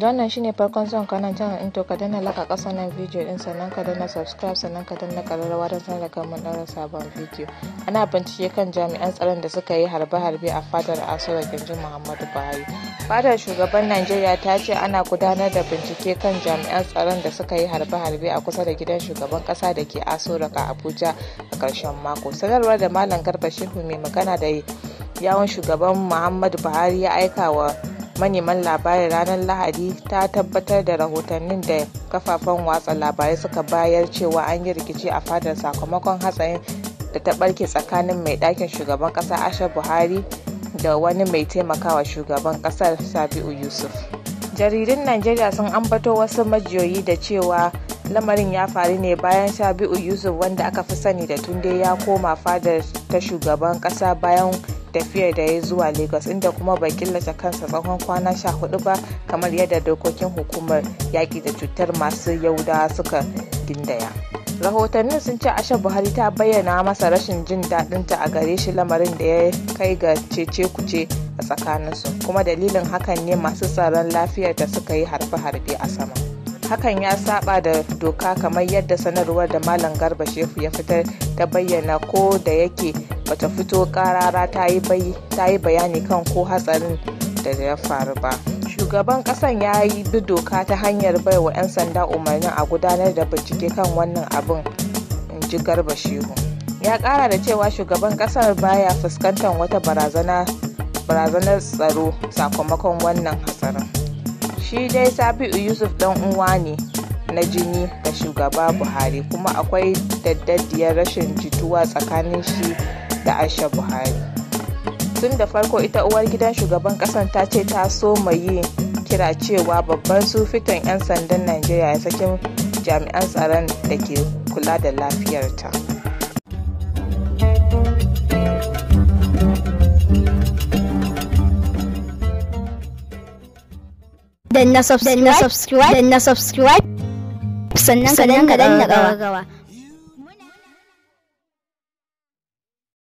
wannan shine farkon zuwan kanan nan into ka danna laka kasa nan video din sannan ka danna subscribe sannan ka danna kararrawa don sanar da kan mun sabon video ana bincike kan jami'an tsaron da suka yi harbe-harbe a fadar da gindin muhammadu buhari fadar shugaban najeriya ta ce ana gudanar da bincike kan jami'an tsaron da suka yi harbe-harbe a kusa da gidan shugaban kasa da ke asura a abuja a karshen mako sanarwar da malam garba shehu mai magana da yawon shugaban muhammadu buhari ya aika wa maneman labarin ranar lahadi ta tabbatar da rahotannin da kafafen watsa labarai suka bayar cewa an yi rikici a fadar sakamakon hatsarin da ta barke tsakanin mai ɗakin shugaban ƙasa asha buhari da wani mai taimakawa shugaban ƙasar sabiu yusuf jaridun najeriya sun ambato wasu majiyoyi da cewa lamarin ya faru ne bayan sabiu yusuf wanda aka fi sani da tunde ya koma fadar ta shugaban ƙasa bayan tafiya da ya zuwa Lagos inda kuma bai killace kansa tsawon kwana sha hudu ba kamar yadda dokokin hukumar yaƙi da cutar masu yaudawa suka gindaya. rahotannin sun ce asha buhari ta bayyana masa rashin jin daɗinta a gare shi lamarin da ya kai ga cece kuce a tsakaninsu kuma dalilin hakan ne masu tsaron lafiyar da suka yi harbe-harbe a sama hakan ya saba da doka kamar yadda sanarwar da malam garba shehu ya fitar ta bayyana ko da yake bata fito karara ta yi bayani kan ko hatsarin da ya faru ba shugaban kasan ya yi bi doka ta hanyar baiwa 'yan sanda umarni a gudanar da bincike kan wannan abin in ji garba shehu ya kara da cewa shugaban kasar baya fuskantar wata barazanar tsaro sakamakon wannan hatsarin shi dai sabi'u yusuf dan uwa ne na jini ga shugaba buhari kuma akwai daddadiyar rashin jituwa tsakanin shi da Aisha Buhari. Tun da farko ita uwar gidan shugaban kasan ta ce ta so mai yi kira cewa babban sufitan 'yan sandan Najeriya ya sakin jami'an tsaron da ke kula da lafiyarta. Danna subscribe, danna subscribe, sannan ka danna gawa gawa.